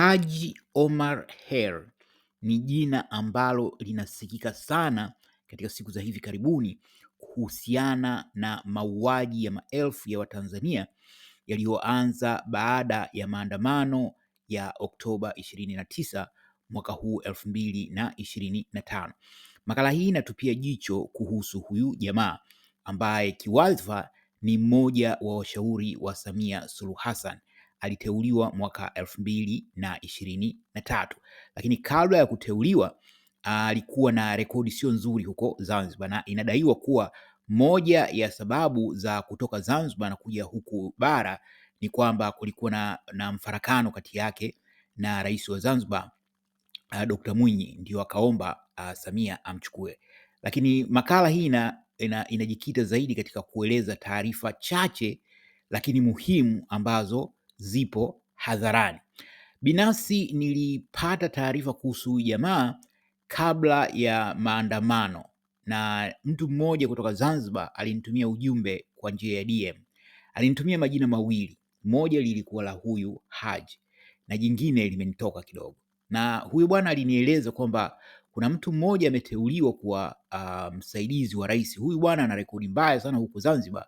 Haji Omar Kheir ni jina ambalo linasikika sana katika siku za hivi karibuni kuhusiana na mauaji ya maelfu ya Watanzania yaliyoanza baada ya maandamano ya Oktoba 29 mwaka huu 2025. Makala hii inatupia jicho kuhusu huyu jamaa ambaye kiwadhifa ni mmoja wa washauri wa Samia Suluhu Hassan aliteuliwa mwaka elfu mbili na ishirini na tatu, lakini kabla ya kuteuliwa alikuwa na rekodi sio nzuri huko Zanzibar, na inadaiwa kuwa moja ya sababu za kutoka Zanzibar na kuja huku bara ni kwamba kulikuwa na, na mfarakano kati yake na rais wa Zanzibar uh, Dr. Mwinyi ndio akaomba uh, Samia amchukue. Lakini makala hii ina, ina, inajikita zaidi katika kueleza taarifa chache lakini muhimu ambazo zipo hadharani. Binafsi nilipata taarifa kuhusu huyu jamaa kabla ya maandamano, na mtu mmoja kutoka Zanzibar alinitumia ujumbe kwa njia ya DM. Alinitumia majina mawili, moja lilikuwa la huyu Haji na jingine limenitoka kidogo, na huyu bwana alinieleza kwamba kuna mtu mmoja ameteuliwa kuwa uh, msaidizi wa rais. Huyu bwana ana rekodi mbaya sana huko Zanzibar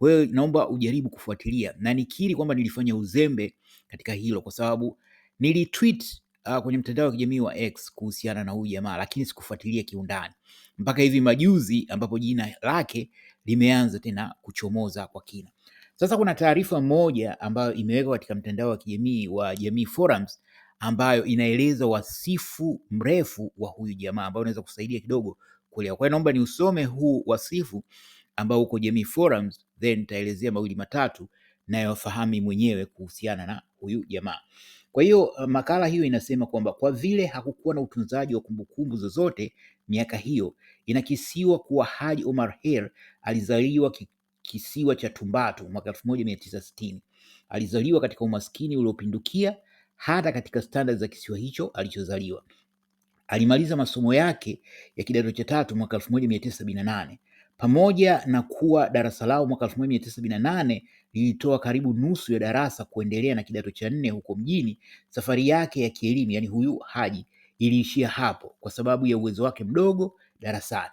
kwa hiyo naomba ujaribu kufuatilia, na nikiri kwamba nilifanya uzembe katika hilo, kwa sababu nilitweet uh, ah, kwenye mtandao wa kijamii wa X kuhusiana na huyu jamaa, lakini sikufuatilia kiundani mpaka hivi majuzi, ambapo jina lake limeanza tena kuchomoza kwa kina. Sasa kuna taarifa moja ambayo imewekwa katika mtandao wa kijamii wa Jamii Forums ambayo inaeleza wasifu mrefu wa huyu jamaa ambao unaweza kusaidia kidogo kulia. Kwa hiyo naomba niusome huu wasifu ambao uko Jamii Forums, then nitaelezea mawili matatu nayofahami mwenyewe kuhusiana na huyu jamaa. Kwa hiyo uh, makala hiyo inasema kwamba kwa vile hakukuwa na utunzaji wa kumbukumbu zozote miaka hiyo, inakisiwa kuwa Haji Omar Khair alizaliwa kisiwa cha Tumbatu mwaka 1960. Alizaliwa katika umaskini uliopindukia hata katika standard za kisiwa hicho alichozaliwa. Alimaliza masomo yake ya kidato cha tatu mwaka 1978 pamoja na kuwa darasa lao mwaka 1978 lilitoa karibu nusu ya darasa kuendelea na kidato cha nne huko mjini, safari yake ya kielimu, yani huyu Haji, iliishia hapo kwa sababu ya uwezo wake mdogo darasani.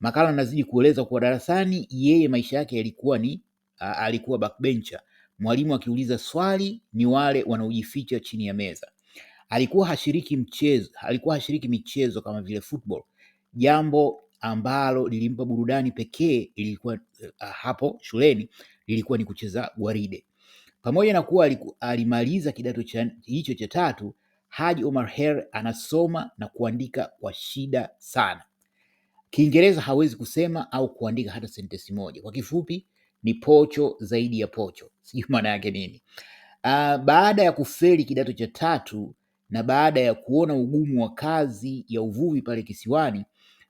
Makala anazidi kueleza kuwa darasani yeye maisha yake yalikuwa ni a, alikuwa backbencher. Mwalimu akiuliza swali ni wale wanaojificha chini ya meza. Alikuwa hashiriki mchezo, alikuwa hashiriki michezo kama vile football, jambo ambalo lilimpa burudani pekee ilikuwa uh, eh, hapo shuleni lilikuwa ni kucheza gwaride. Pamoja na kuwa aliku, alimaliza kidato cha, hicho cha tatu, Haji Omar Kheir anasoma na kuandika kwa shida sana. Kiingereza hawezi kusema au kuandika hata sentensi moja. Kwa kifupi ni pocho zaidi ya pocho, sijui maana yake nini. Uh, baada ya kufeli kidato cha tatu na baada ya kuona ugumu wa kazi ya uvuvi pale kisiwani,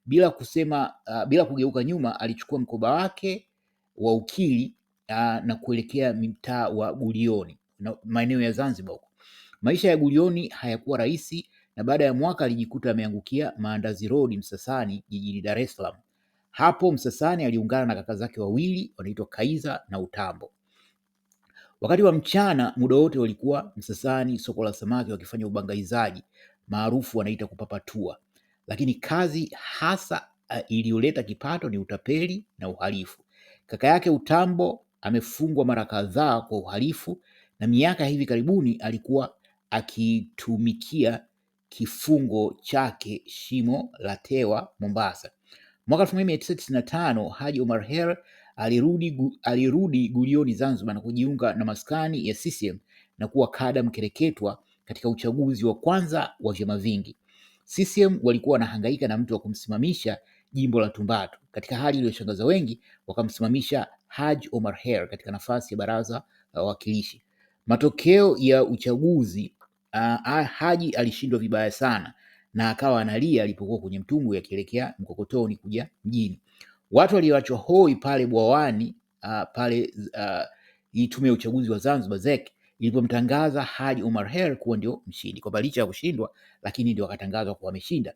bila kusema uh, bila kugeuka nyuma, alichukua mkoba wake wa ukili uh, na kuelekea mtaa wa Gulioni na maeneo ya Zanzibar huko. Maisha ya Gulioni hayakuwa rahisi, na baada ya mwaka alijikuta ameangukia Maandazi Road Msasani, jijini Dar es Salaam. Hapo Msasani aliungana na kaka zake wawili wanaitwa Kaiza na Utambo. Wakati wa mchana muda wote walikuwa Msasani, soko la samaki, wakifanya ubangaizaji maarufu wanaita kupapatua lakini kazi hasa uh, iliyoleta kipato ni utapeli na uhalifu. Kaka yake Utambo amefungwa mara kadhaa kwa uhalifu na miaka hivi karibuni alikuwa akitumikia kifungo chake shimo la tewa Mombasa. Mwaka 1995 Haji Omar Her alirudi, alirudi gulioni Zanzibar na kujiunga na maskani ya CCM na kuwa kada mkereketwa katika uchaguzi wa kwanza wa vyama vingi. CCM walikuwa wanahangaika na mtu wa kumsimamisha jimbo la Tumbatu. Katika hali iliyoshangaza wengi, wakamsimamisha Haji Omar Hery katika nafasi ya baraza la wawakilishi. Matokeo ya uchaguzi uh, Haji alishindwa vibaya sana na akawa analia alipokuwa kwenye mtumbwi akielekea mkokotoni kuja mjini. Watu walioachwa hoi pale bwawani uh, pale uh, tume ya uchaguzi wa Zanzibar ZEC ilipomtangaza Haji Umar Her kuwa ndio mshindi, kwamba licha ya kushindwa lakini ndio akatangazwa kuwa ameshinda.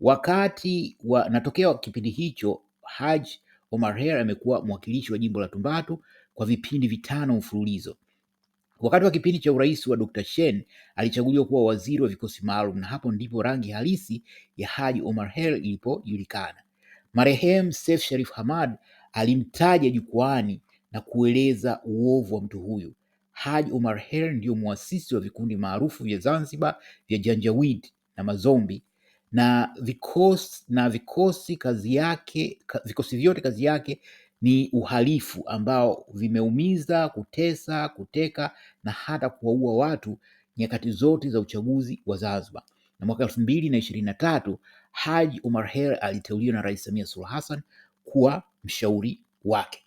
Wakati wa natokea kipindi hicho, Haji Umar Her amekuwa mwakilishi wa jimbo la Tumbatu kwa vipindi vitano mfululizo. Wakati wa kipindi cha urais wa Dr. Shen alichaguliwa kuwa waziri wa vikosi maalum, na hapo ndipo rangi halisi ya Haji Umar Her ilipojulikana. Marehemu Seif Sharif Hamad alimtaja jukwani na kueleza uovu wa mtu huyu. Haji Umar Her ndio mwasisi wa vikundi maarufu vya Zanzibar vya Janjaweed na Mazombi na vikosi, na vikosi kazi yake, vikosi vyote kazi yake ni uhalifu ambao vimeumiza, kutesa, kuteka na hata kuwaua watu nyakati zote za uchaguzi wa Zanzibar. Na mwaka elfu mbili na ishirini na tatu Haji Umar her aliteuliwa na Rais Samia Suluhu Hassan kuwa mshauri wake.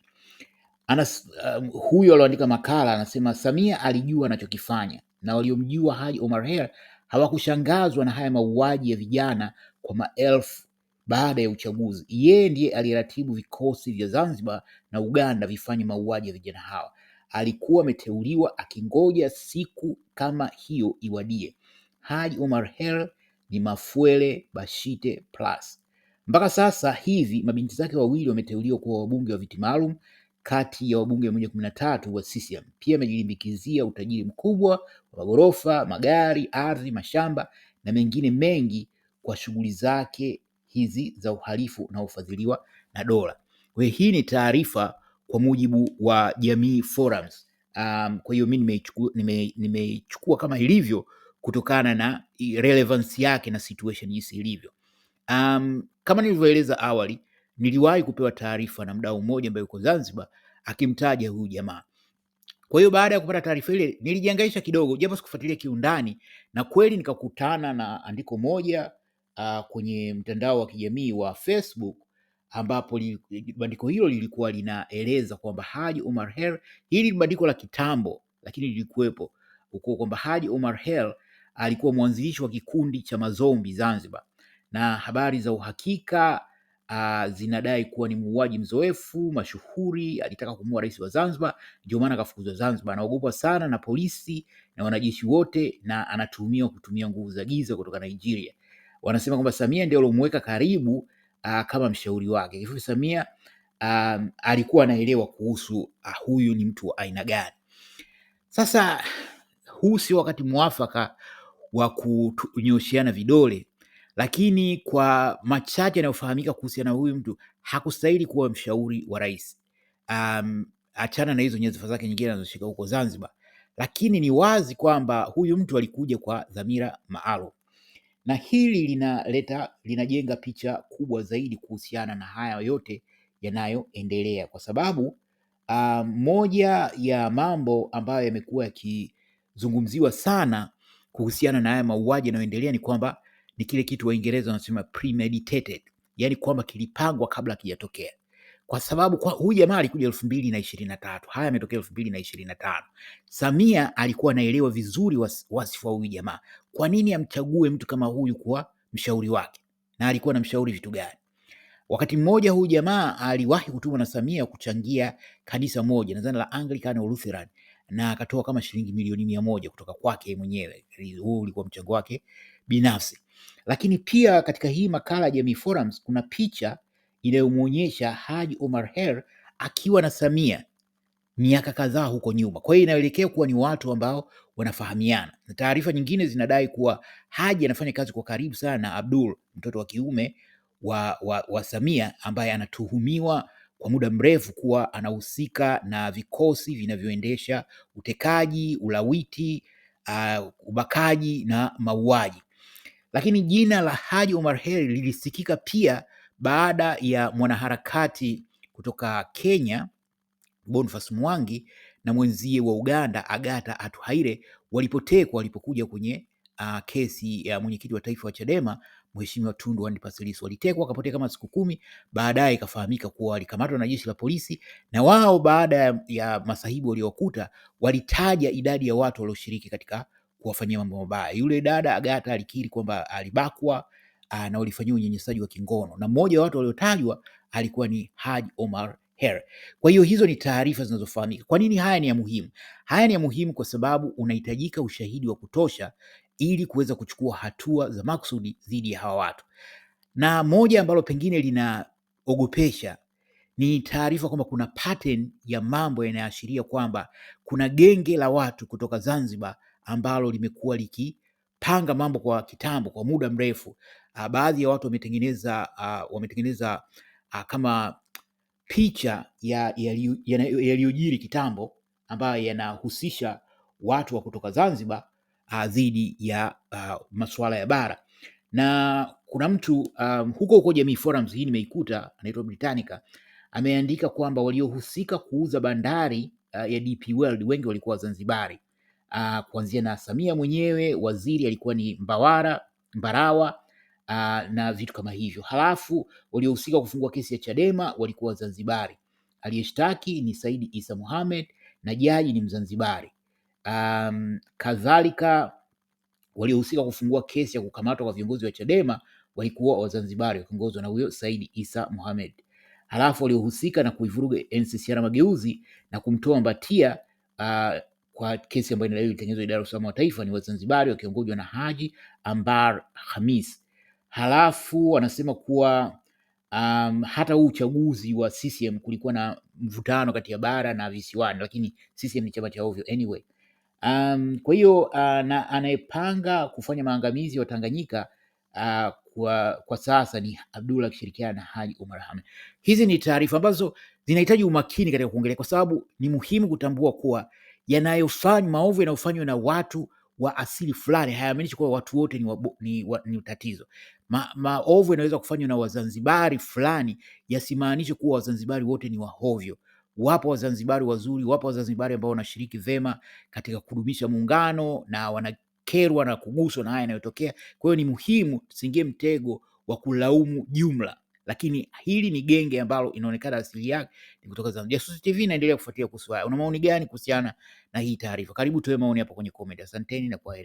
Anas, um, huyo alioandika makala anasema Samia alijua anachokifanya na waliomjua Haji Omar Her hawakushangazwa na haya mauaji ya vijana kwa maelfu baada ya uchaguzi. Yeye ndiye aliyeratibu vikosi vya Zanzibar na Uganda vifanye mauaji ya vijana hawa. Alikuwa ameteuliwa akingoja siku kama hiyo iwadie. Haji Omar Her ni Mafuele Bashite plus. Mpaka sasa hivi mabinti zake wawili wameteuliwa kuwa wabunge wa viti maalum kati ya wabunge mia moja kumi na tatu wa CCM. Pia amejilimbikizia utajiri mkubwa wa maghorofa, magari, ardhi, mashamba na mengine mengi kwa shughuli zake hizi za uhalifu unaofadhiliwa na dola. Kwa hiyo hii ni taarifa kwa mujibu wa Jamii Forums. Um, kwa hiyo mi nimeichukua nime, nime kama ilivyo kutokana na relevance yake na situation jinsi ilivyo. Um, kama nilivyoeleza awali niliwahi kupewa taarifa na mdau mmoja ambaye yuko Zanzibar akimtaja huyu jamaa. Kwa hiyo baada ya kupata taarifa ile nilijihangaisha kidogo, japo sikufuatilia kiundani, na kweli nikakutana na andiko moja uh, kwenye mtandao wa kijamii wa Facebook ambapo bandiko hilo lilikuwa linaeleza kwamba Haji Omar Hel, hili ni bandiko la kitambo lakini lilikuwepo huko, kwamba Haji Omar Hel alikuwa mwanzilishi wa kikundi cha mazombi Zanzibar, na habari za uhakika uh, zinadai kuwa ni muuaji mzoefu mashuhuri, alitaka kumuua rais wa Zanzibar, ndio maana akafukuzwa Zanzibar. Anaogopwa sana na polisi na wanajeshi wote, na anatuhumiwa kutumia nguvu za giza kutoka Nigeria. Wanasema kwamba Samia ndio alomweka karibu uh, kama mshauri wake. Kifupi, Samia um, alikuwa anaelewa kuhusu uh, huyu ni mtu wa aina gani. Sasa huu sio wakati mwafaka wa kunyosheana vidole lakini kwa machache yanayofahamika kuhusiana na huyu mtu hakustahili kuwa mshauri wa rais. Um, achana na hizo nyezifa zake nyingine anazoshika huko Zanzibar, lakini ni wazi kwamba huyu mtu alikuja kwa dhamira maalum, na hili linaleta linajenga picha kubwa zaidi kuhusiana na haya yote yanayoendelea, kwa sababu um, moja ya mambo ambayo yamekuwa yakizungumziwa sana kuhusiana na haya mauaji yanayoendelea ni kwamba ni kile kitu Waingereza wanasema premeditated, yani kwamba kilipangwa kabla kijatokea kwa sababu kwa huyu jamaa alikuja elfu mbili na ishirini na tatu haya ametokea elfu mbili na ishirini na tano Samia alikuwa anaelewa vizuri wasifu wa huyu jamaa. Kwa nini amchague mtu kama huyu kuwa mshauri wake, na alikuwa na mshauri vitu gani? Wakati mmoja huyu jamaa aliwahi kutumwa na Samia kuchangia kanisa moja, nadhani la Anglican au Lutheran, na akatoa kama shilingi milioni mia moja kutoka kwake mwenyewe. Huu ulikuwa mchango wake binafsi, lakini pia katika hii makala ya Jamii Forums kuna picha inayomwonyesha Haji Omar Her akiwa na Samia miaka kadhaa huko nyuma. Kwa hiyo inaelekea kuwa ni watu ambao wanafahamiana, na taarifa nyingine zinadai kuwa Haji anafanya kazi kwa karibu sana na Abdul, mtoto wa kiume wa, wa, wa Samia ambaye anatuhumiwa kwa muda mrefu kuwa anahusika na vikosi vinavyoendesha utekaji, ulawiti, uh, ubakaji na mauaji. Lakini jina la Haji Omar Heri lilisikika pia baada ya mwanaharakati kutoka Kenya Boniface Mwangi na mwenzie wa Uganda agata Atuhaire walipotekwa walipokuja kwenye uh, kesi ya mwenyekiti wa taifa wa Chadema Mheshimiwa Tundu Antipas Lissu. Walitekwa wakapotea kama siku kumi, baadaye ikafahamika kuwa walikamatwa na jeshi la polisi, na wao baada ya masahibu waliokuta walitaja idadi ya watu walioshiriki katika kuwafanyia mambo mabaya. Yule dada agata alikiri kwamba alibakwa na walifanyia unyanyasaji wa kingono na mmoja wa watu waliotajwa alikuwa ni Haji Omar Her. Kwa hiyo hizo ni taarifa zinazofahamika. Kwa nini haya ni ya muhimu? Haya ni ya muhimu kwa sababu unahitajika ushahidi wa kutosha ili kuweza kuchukua hatua za makusudi dhidi ya hawa watu. Na moja ambalo pengine linaogopesha ni taarifa kwamba kuna pattern ya mambo yanayoashiria kwamba kuna genge la watu kutoka Zanzibar ambalo limekuwa likipanga mambo kwa kitambo, kwa muda mrefu. Ah, baadhi ya watu wametengeneza uh, wametengeneza uh, kama picha ya yaliyojiri kitambo ambayo yanahusisha watu wa kutoka Zanzibar dhidi ya uh, masuala ya bara na kuna mtu um, huko huko Jamii Forums hii nimeikuta, anaitwa Britannica, ameandika kwamba waliohusika kuuza bandari uh, ya DP World wengi walikuwa Wazanzibari uh, kuanzia na Samia mwenyewe, waziri alikuwa ni Mbawara, Mbarawa uh, na vitu kama hivyo. Halafu waliohusika kufungua kesi ya Chadema walikuwa Wazanzibari. Aliyeshtaki ni Saidi Isa Mohamed na jaji ni Mzanzibari. Um, kadhalika waliohusika kufungua kesi ya kukamatwa kwa viongozi wa Chadema walikuwa Wazanzibari wakiongozwa na huyo Saidi Isa Mohamed. Halafu waliohusika na kuivuruga NCCR Mageuzi na kumtoa Mbatia uh, kwa kesi ambayo inadaiwa ilitengenezwa idara ya usalama wa taifa ni Wazanzibari wakiongozwa na Haji Ambar Hamis. Halafu wanasema kuwa um, hata huu uchaguzi wa CCM kulikuwa na mvutano kati ya bara na visiwani, lakini CCM ni chama cha ovyo anyway. Um, kwa hiyo uh, anayepanga kufanya maangamizi wa Tanganyika uh, kwa, kwa sasa ni Abdullah akishirikiana na Haji Omar Hamed. Hizi ni taarifa ambazo zinahitaji umakini katika kuongelea, kwa sababu ni muhimu kutambua kuwa yanayofanywa maovu yanayofanywa na watu wa asili fulani hayamaanishi kuwa watu wote ni, wabu, ni, wa, ni tatizo. Ma, maovu yanaweza kufanywa na Wazanzibari fulani yasimaanishe kuwa Wazanzibari wote ni wahovyo. Wapo Wazanzibari wazuri, wapo Wazanzibari ambao wanashiriki vema katika kudumisha muungano na wanakerwa na kuguswa na haya yanayotokea. Kwa hiyo ni muhimu tusiingie mtego wa kulaumu jumla lakini hili ni genge ambalo inaonekana asili yake ni kutoka Zanzibar. Jasusi TV inaendelea kufuatilia kuhusu haya. Una maoni gani kuhusiana na hii taarifa? Karibu tuwe maoni hapo kwenye comment. Asanteni na kwa